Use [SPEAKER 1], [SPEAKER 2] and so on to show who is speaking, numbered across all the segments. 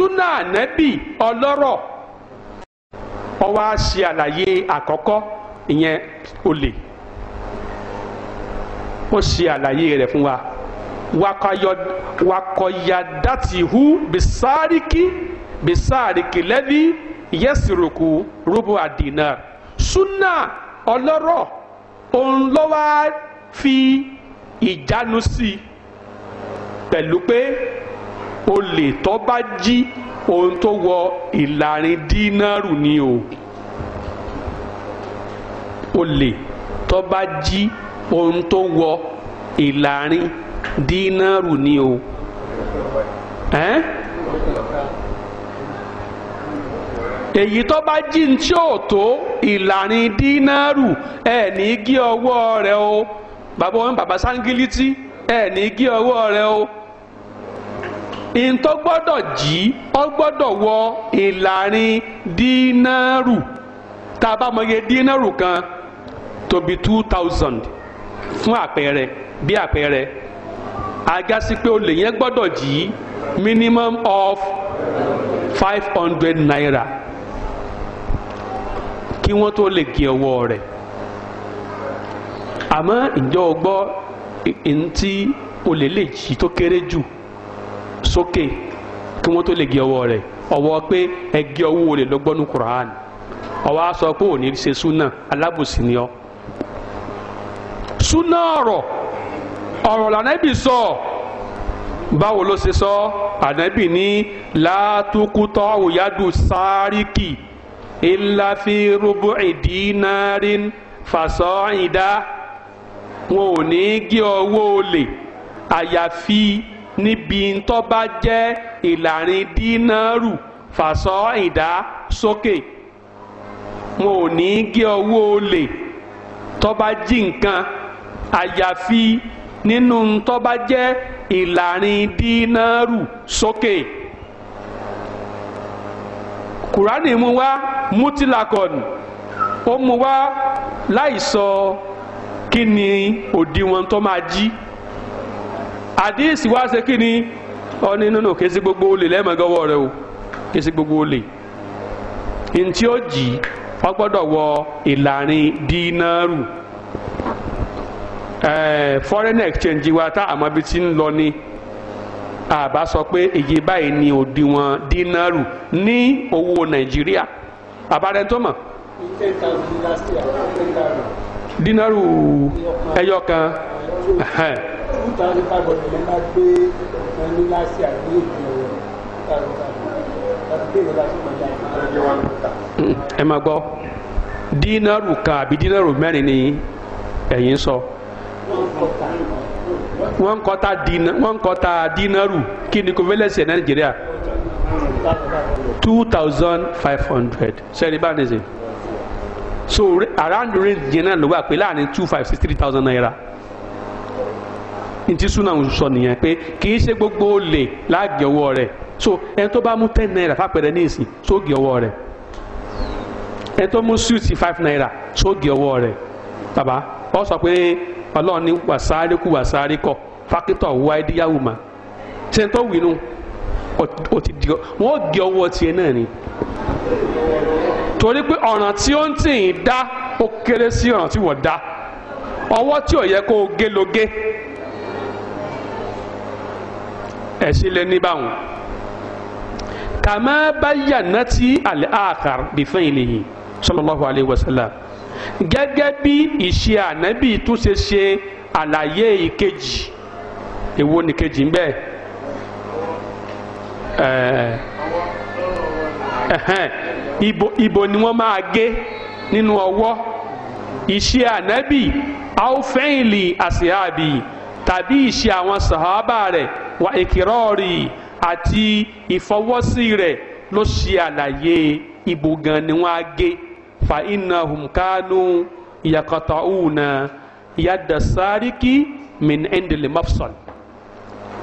[SPEAKER 1] Suna ànábì ọlọ́rọ̀ ó wá ṣe àlàyé àkọ́kọ́ ìyẹn olè ó ṣe àlàyé rẹ̀ fún wa wakọyadatihu bisaariki bisaariki lẹ́ni yẹ́sìrìkù rúbù àdínà súnà ọlọ́rọ̀ òun fi ìjánu sí i pé olè tó bá jí ohun tó wọ ìlàrin dínárù ni o olè tó bá jí ohun tó wọ ìlàrin dínárù ni o. Eh? èyí tó bá jí ní tí ò tó ìlàrin dínárù ẹ ní gé ọwọ́ rẹ o bàbá wọn bàbá sángílítì ẹ ní gé ọwọ́ rẹ o. ìntọ́ gbọ́dọ̀ jí ọ gbọ́dọ̀ wọ ìlàrin dínárù tá a bá mọ iye dínárù kan tó bí two thousand fún àpẹẹrẹ bí àpẹẹrẹ agasi pé lè yẹn gbọ́dọ̀ jí minimum of five hundred naira kí wọ́n tó lè gé ọwọ́ rẹ̀ àmọ́ ìjọ ọgbọ́ ntí olè lè jí tó kéré jù sókè kí wọ́n tó lè gé ọwọ́ rẹ̀ ọwọ́ pé ẹ gé ọwọ́ olè lọ́gbọ́nú Qur'an ọwọ́ á sọ pé òní ṣe súnà alábòsí ni ọ. súnà ọ̀rọ̀ ọ̀rọ̀ lànàbì sọ báwo ló ṣe sọ ànàbì ní látúkútọ́ òyàdù sáríkì ìlàfi rúbù ìdínárín fàṣọ ìdá wọn ò ní gé ọwọ́ olè àyàfi níbi tó bá jẹ́ ìlàrin dínárù fàṣọ ìdá sókè wọn ò ní gé owó olè tó bá jí nǹkan àyàfi nínú tó bá jẹ́ ìlàrin dínárù sókè kùránì mú wá mútìlákọ̀nù ó mú wá láìsọ kí ni òdiwọ̀n tó máa jí. àdíyèsí wá ṣe kí ni ọ ní nínú kí gbogbo olè lẹ́mọ̀gọ́wọ́ rẹ o kí gbogbo olè ntí ó jì ọ gbọ́dọ̀ wọ ìlànà dínárù foreign exchange wa tá àmọ́ bí ti ń lọ ni àbá sọ pé èyí báyìí ni òdiwọ̀n dínárù ní owó nàìjíríà àbárẹ̀ tó mọ̀ ẹyọ kan. two thousand five hundred lẹ́nu gbé wọn ní láti àgbé ìdí ọ̀rọ̀ two thousand five hundred ẹ máa gbọ́ dínárù kan àbí dínárù mẹ́rin ni ẹ̀yin sọ wọ́n kọ́ta dínárù kí ni kò nàìjíríà two thousand five hundred sẹ́ni bá ní sè so around the range yẹn náà ló wà pé láàrin two five six three thousand naira ntí súnà ń sọ nìyẹn pé kì í ṣe gbogbo olè láàgì ọwọ́ rẹ̀ so ẹni tó bá mú ten naira fàpẹrẹ ní ìsìn sóògì ọwọ́ rẹ̀ ẹni tó mú suit five naira sóògì ọwọ́ rẹ̀ bàbá ọ sọ pé ọlọ́run ní wàsáárì kú wàsáárì kọ fákítọ̀ wáídíyàwó mà ṣe ń tó wínú wọ́n gé ọwọ́ tiẹ̀ náà ni torí pé ọ̀ràn tí ó ń tì í dá ó kéré sí ọ̀ràn tí wọ́n dá ọwọ́ tí ò yẹ kó o gé lo gé. ẹ̀sìn lẹ́ni báwọn kàmá bayyanati al-akhar bi fi'lihi sallallahu alayhi wa sallam gẹ́gẹ́ bí ìṣe ànábì tún ṣe ṣe àlàyé ìkejì èwo nìkejì ń bẹ ibo ibo ni wọ́n máa gé nínú ọwọ́ ìṣe ànábì aw fi'li àṣìábì tàbí ìṣe àwọn sàhábà rẹ̀ wà ìkìrọ́ọ̀rì àti ìfọwọ́sí rẹ̀ ló ṣe àlàyé ibo ni wọ́n á gé fa innahum kanu yaqta'una yadda sáríkì min indil mafsal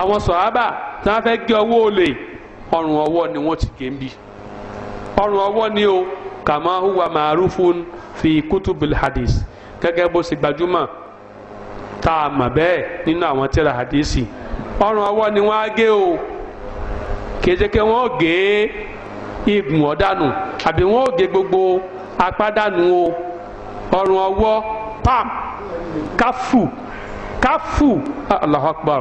[SPEAKER 1] àwọn sọ̀hábà tí wọ́n fẹ́ gé ọwọ́ olè ọrùn ọwọ́ ni wọ́n ti gé ń bí ọrùn ọwọ́ ni o kama huwa marufun fi kutubil hadis gẹ́gẹ́ bó ṣe gbajúmọ̀ tá a mọ̀ bẹ́ẹ̀ nínú àwọn tírà hadisi ọrùn ọwọ́ ni wọ́n á gé o kèjèké wọ́n gé igun ọ̀dànù àbí wọ́n gé gbogbo apá dànù o ọrùn ọwọ́ pam káfù káfù Allahu Akbar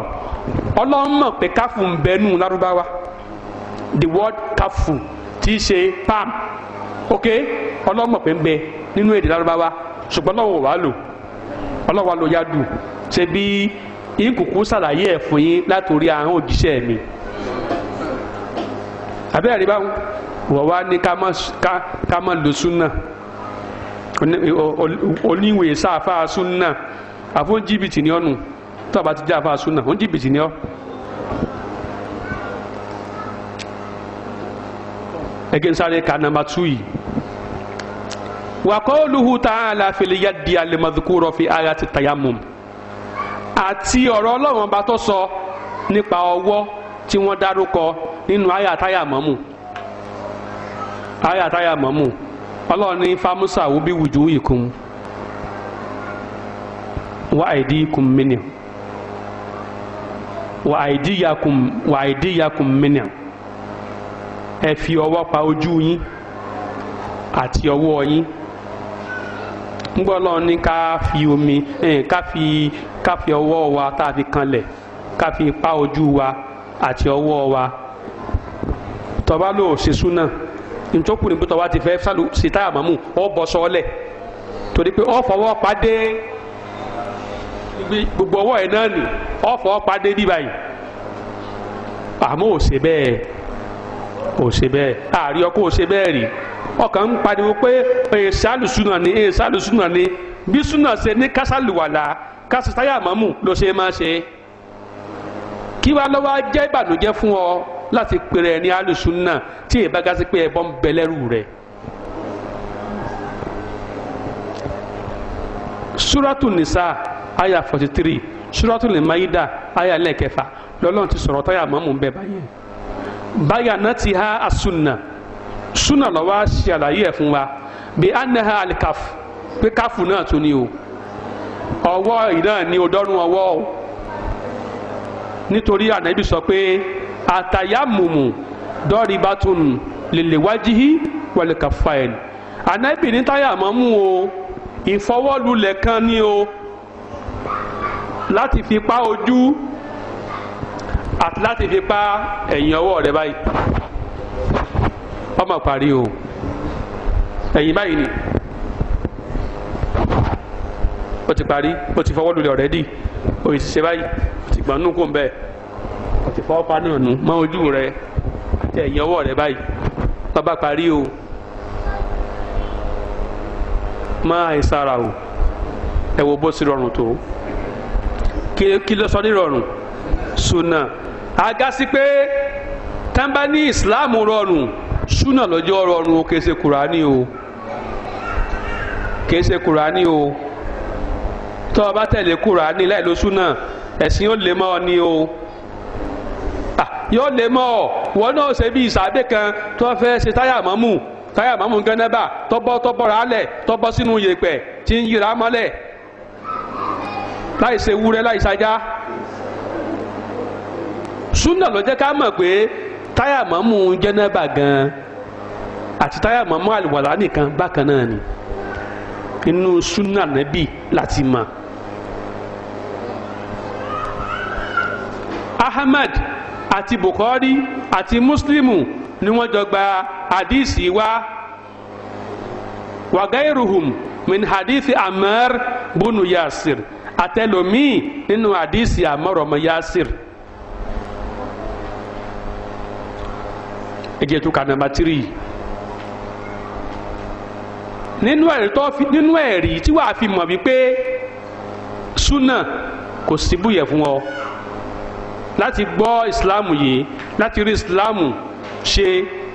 [SPEAKER 1] ọlọ́run mọ̀ pé káfù ń bẹ nù lárúbáwá the word káfù tí ṣe pam ok ọlọ́run mọ̀ pé ń bẹ nínú èdè lárúbáwá ṣùgbọ́n ọlọ́run ò wá lò ọlọ́run wa lò yá dùn ṣe bí ìkùkù ṣàlàyé ẹ̀ fún yín látòrí àwọn òjíṣẹ́ mi abẹ́rẹ́ báwọn wọ́n wá ní ká má lo súnà oníwèé sáfà súnà àfún jìbìtì ni ọ́nù tó àbá ti jẹ́ àfà súnà ó ń jìbìtì ni ọ́. ẹgẹ nsáré ka nàmbà tù yìí wà kọ́ luhu tààlà fìlíyà di alimadukuro fi ayati tayammum àti ọ̀rọ̀ ọlọ́run ọba tó sọ nípa ọwọ́ tí wọ́n dárúkọ nínú ayatáyà mọ́mù ayatáyà mọ́mù ọlọ́run ní famusa wo bí wùjú ìkún wa àìdí ikùn mìíràn wa àìdí yakùn wa àìdí yakùn mìíràn ẹ fi ọwọ́ pa ojú yín àti ọwọ́ yín ńgbọ́ lọ́wọ́ ní ká fi omi eh, ká fi ká fi ọwọ́ wa tá a fi kanlẹ̀ ká fi pa ojú wa àti ọwọ́ wa tọ́ba ló ṣe súnà ntọ́kù ní bótọ́ wa ti fẹ́ sálù sítáyà àmọ́mù ọ bọ́ sọ́ọ́lẹ̀ torí pé ọ fọwọ́ padé gbogbo ọwọ́ ẹ̀ náà nì ọ fọwọ́ padé bí báyìí àmọ́ ò ṣe bẹ́ẹ̀ ò ṣe bẹ́ẹ̀ àárí ọkọ̀ ò ṣe bẹ́ẹ̀ rí ọkàn ń pariwo pé èsì alùsùnà ni èsì alùsùnà ni bí sùnà ṣe ní kásálùwàlà kásítáyà mọ́mù ló ṣe máa ṣe kí wàá lọ́wọ́ jẹ́ ìbànújẹ́ fún ọ láti pèrè ní alùsùnà tí ìbágasí pé ẹ̀bọ́n ń rẹ̀. suratu nisa aya forty three suratu limaida aya lẹ́kẹfà lọ́lọ́run ti sọ̀rọ̀ táyà mọ́mú bẹ́ẹ̀ báyẹn báyà náà ti há asunna súnà lọ́wọ́ ṣàlàyé ẹ̀ fún wa bí anaha alikafu, pé káfù náà tún ni o ọwọ́ ìná ni ọdọ́rùn ọwọ́ o nítorí ànábì sọ pé àtàyàmùmù dọ́rìbátún lèlè wájíhí wọlékàfáìlì ànábì ní táyà mọ́ mú o ìfọwọ́lulẹ̀ kan ni o láti fi pa ojú àti láti fi pa ẹ̀yìn ọwọ́ rẹ báyìí ọmọ parí o ẹ̀yìn báyìí ni ó ti parí ó ti fọwọ́ lulẹ̀ ọ̀rẹ́dì ó ti ṣe báyìí o ti gbọ́n nù kó ń bẹ́ẹ̀ ó ti fọwọ́ pa náà nù mọ́ ojú rẹ àti ẹ̀yìn ọwọ́ rẹ báyìí bàbá parí o máa ń sára o ẹ wo bó sì rọrùn tó kí ló sọ ní rọrùn sunna agasi pé tán bá rọrùn. súnà lọ́jọ́ rọrùn o kèsè kùránì o kèsè kùránì o tọ́ ọ bá tẹ̀lé kùránì láì lo súnà ẹ̀sìn yóò lé mọ́ ọ ni o yóò lé mọ́ ọ wọn náà ṣe bí ìsàbẹ̀ kan tó fẹ́ ṣe táyà mọ́mù táyà mọ́mù gánnábà tọ́bọ́ tọ́bọ́ rà á lẹ̀ tọ́bọ́ sínú yèpẹ̀ tí ń yíra mọ́lẹ̀ láì ṣe wúrẹ́ láì ṣajá súnà ló jẹ́ ká mọ̀ pé táyà mọ́mú jẹ́nẹ́bà gan-an àti táyà mọ́mú àlùwàlá nìkan bákan náà ni inú súnà nẹ́bì láti mọ̀. Ahmad àti Bukhari àti Muslimu ni wọ́n jọ gba hadisi wa wagairuhum min hadithi Ammar bunu Yasir àtẹlómi nínú hadisi Ammar ọmọ Yasir. ẹ jẹ́ tó ka nàmbà tírì nínú ẹ̀rí tó fi nínú ẹ̀rí tí wàá fi mọ̀ wípé súnà kò sí búyẹ̀ fún ọ láti gbọ́ ìsìláàmù yìí láti rí ìsìláàmù ṣe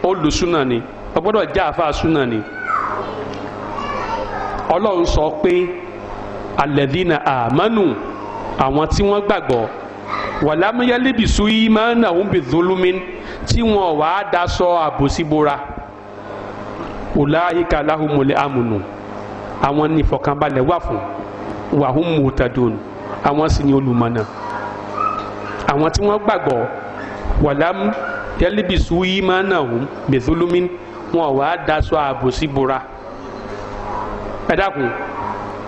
[SPEAKER 1] olùsúnà ni o gbọ́dọ̀ jẹ́ àfa súnà ni ọlọ́run sọ pé alẹ́dínà àmánù àwọn tí wọ́n gbàgbọ́ wàlámúyálébìsú yìí máa ń nà ń bè dúlúmínú tí wọn wà á daṣọ àbòsíbora ọláhìkà láhùmọlẹ àmùnù àwọn ní ìfọ̀kànbalẹ̀ wà fún wàhùn mùtàdùn àwọn sì ní olùmọ̀nà àwọn tí wọn gbàgbọ́ wàlám tẹlifíṣù yìí máa nà hùn bẹsùlùmí wọn wà á daṣọ àbòsíbora ẹ dákun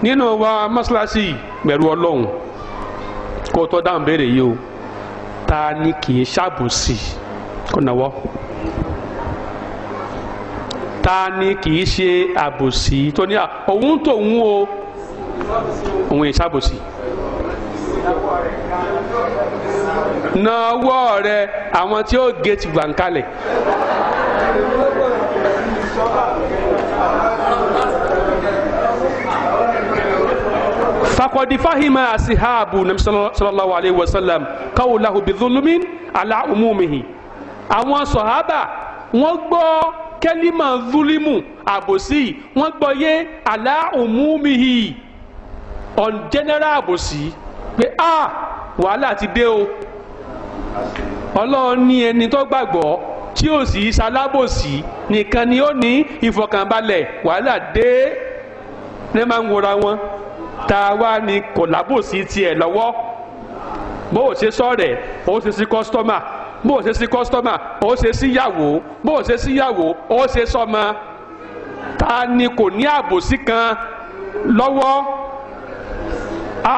[SPEAKER 1] nínú wa mọ́ṣáláṣí pẹ̀lú ọlọ́run kó tó dáhùn béèrè yìí o ta ni kì í ṣàbòsí. Si kó nawọ́ ta ni kì í ṣe àbòsí tó ní à òun tòun o òun ìṣàbòsí nawọ́ rẹ àwọn tí ó gé ti gbàǹkalẹ̀. فقد فهم أصحاب النبي صلى الله عليه وسلم قوله بظلم على عمومه àwọn sọ̀hábà wọ́n gbọ́ kẹ́límà zulimu àbòsí wọ́n gbọ́ yé àlá òmùmíhì on general àbòsí pé a wàhálà ti dé o ọlọ́run ní ẹni tó gbàgbọ́ tí ò sì ṣalábòsí nìkan ni ó ní ìfọkànbalẹ̀ wàhálà dé ní máa ń wora wọn tá a wá ní kò lábòsí tiẹ̀ lọ́wọ́ bó o ṣe sọ̀rẹ̀ o ṣe sí kọ́sítọ́mà. bó o ṣe sí kọ́sítọ́mà ó ṣe síyàwó bó o ṣe síyàwó ó ṣe sọ́mọ ta ni kò ní àbòsí kan lọ́wọ́ a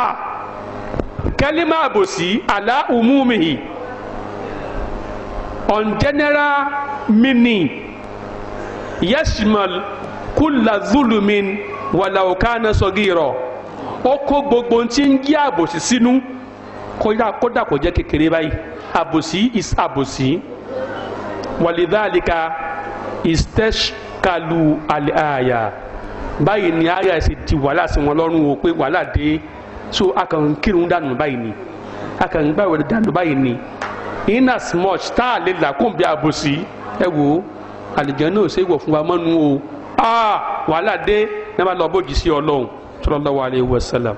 [SPEAKER 1] kẹ́límà àbòsí àlá umumihi on general meaning yashmal kula zulumin walaukana sogiro ó kó gbogbo tí ń jẹ́ àbòsí sínú kódà kó jẹ́ kékeré báyìí. àbòsí is àbòsí wàlídàálíkà istẹ́ṣkàlù àlẹ́ àyà báyìí ni àyà ẹ̀sìn ti wàhálà sí wọn lọ́rùn o pé wàhálà dé so a kàn ń kírun dànù báyìí ni a kàn ń gbàwẹ̀ dànù báyìí ni in as much tá a lè là kóńbi àbòsí ẹ wò ó náà ṣe wọ̀ fún wa mọ́nu o wàhálà dé ní a lọ bójì sí ọlọ́run sallallahu alayhi wa sallam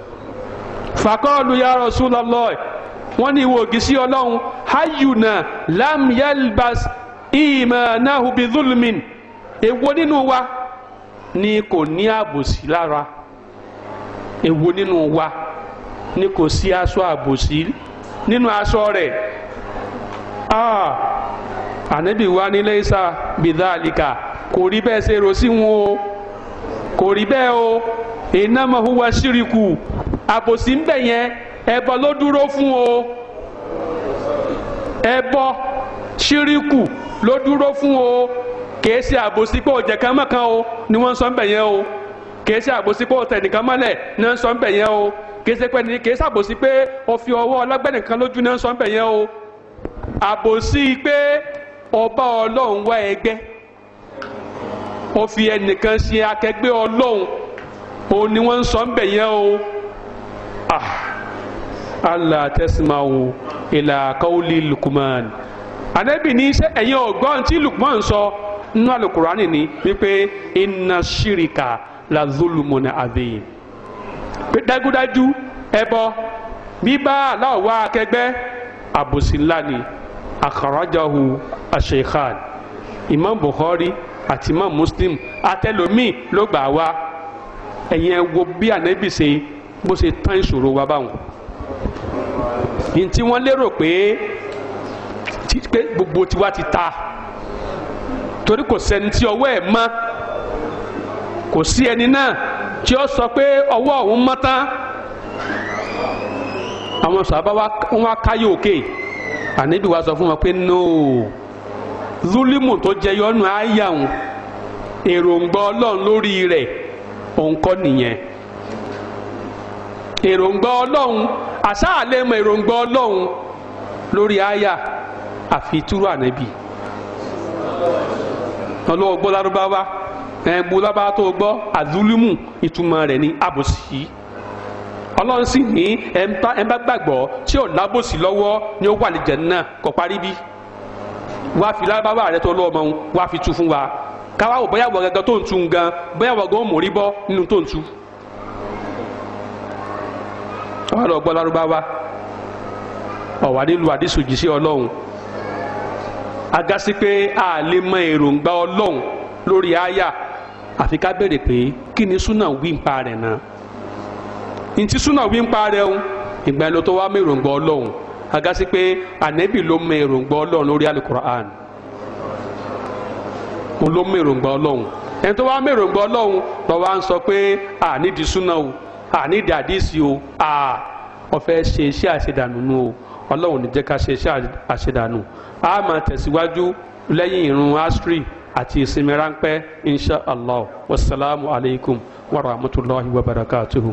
[SPEAKER 1] fàkọ́ọ̀lù ya Rasulullah wọ́n ní ìwò ògì sí ọlọ́run na lam yalbas imanahu bi zulmin èwo nínú wa ni kò ní àbòsí lara ewo ninu wa ni ko si aso àbòsí ninu aso re ah ànábì wa ní laysa bidhalika ko rí bẹ́ẹ̀ ṣe rò sí o ko rí bẹ́ẹ̀ o innama huwa ṣíríkù àbòsí ń bẹ̀ yẹn ẹbọ ló o. ẹbọ ṣíríkù ló dúró fún o kìí ṣe àbòsí pé òjẹ̀ kan mọ̀kan o ni wọ́n ń sọ ń yẹn o kìí ṣe àbòsí pé òtẹ̀ nìkan mọ́lẹ̀ ni wọ́n ń sọ ń bẹ̀ yẹn o kìí ṣe pé kìí ṣàbòsí pé òfin ọwọ́ ọlọ́gbẹ́ nìkan lójú ni wọ́n ń sọ ń bẹ̀ yẹn o àbòsí pé ọba ọlọ́run wá ẹgbẹ́ ó fi ẹnìkan ṣe akẹgbẹ́ ọlọ́run òun ni wọ́n sọ ń yẹn o. Ah, Allah tẹ́sí máa wò ìlà kọ́ọ̀lì Lukman anabi ní sẹ́ ẹ̀yin ọ̀gbọ́n tí Lukman sọ nínú alukurani ni pe iná ṣìríkà la zulumuna Pe pé dájúdájú ebo, biba aláwọ̀ wa àbòsí ńlá ni àkàràjàhu àṣekhàn Imam Bukhari àti Imam Muslim àtẹlómìn ló gbà wá ẹ̀yin ẹ wo bí anabi ṣe bó ṣe tán ìṣòro wa báwọn. ní tí wọ́n lérò pé gbogbo tiwa ti ta torí kò sẹni tí ọwọ́ ẹ̀ mọ́ kò sí ẹni náà tí ó sọ pé ọwọ́ òun mọ́ tán àwọn sàbá wa káyé òkè àníbi wa sọ fún wọn pé nóò zulimu tó jẹ ọnù àyà òun èròǹgbà ọlọ́run lórí rẹ̀ òun nìyẹn èròǹgbà ọlọ́run Asaa mọ èròǹgbà ọlọ́run lórí àyà àfi túrú ànábì ọlọ́wọ́ gbọ́ lárúbáwá ẹ̀ẹ́gbó lábáwá tó gbọ́ àdúlùmù ìtumọ̀ rẹ̀ ní àbòsí ọlọ́run sì ní ẹ̀ gbàgbọ́ tí ò ni ó wà lè naa náà paribi. parí fi lárúbáwá rẹ̀ tó lọ́ọ́ mọ́ wá fi tu fún wa káwá bóyá wọ̀ gẹ́gẹ́ tó ń tu gan bóyá wọ̀ gan ó mórí bọ́ nínú tó ń wà lọ gbọ́ lárúbáwá ọ̀wà nílùú àdísù jì sí ọlọ́run agasi pé a lè mọ èròǹgbà ọlọ́run lórí àyà àfi ká pé kí ni súnà wí ń pa rẹ̀ náà ntí súnà wí ń pa rẹ̀ ń ìgbà ẹni tó wá mọ èròǹgbà ọlọ́run agasi pé ànẹ́bì ló mọ èròǹgbà ọlọ́run lórí o. àní dàdísì o àà wọ́n fẹ́ ṣe iṣẹ́ àṣedànù nu o ọlọ́run ní jẹ́ ká ṣe iṣẹ́ àṣedànù a máa tẹ̀síwájú lẹ́yìn irun asri àti ìsinmi ráńpẹ́ insha allah wasalaamu alaykum wa rahmatulahi wa barakatuhu.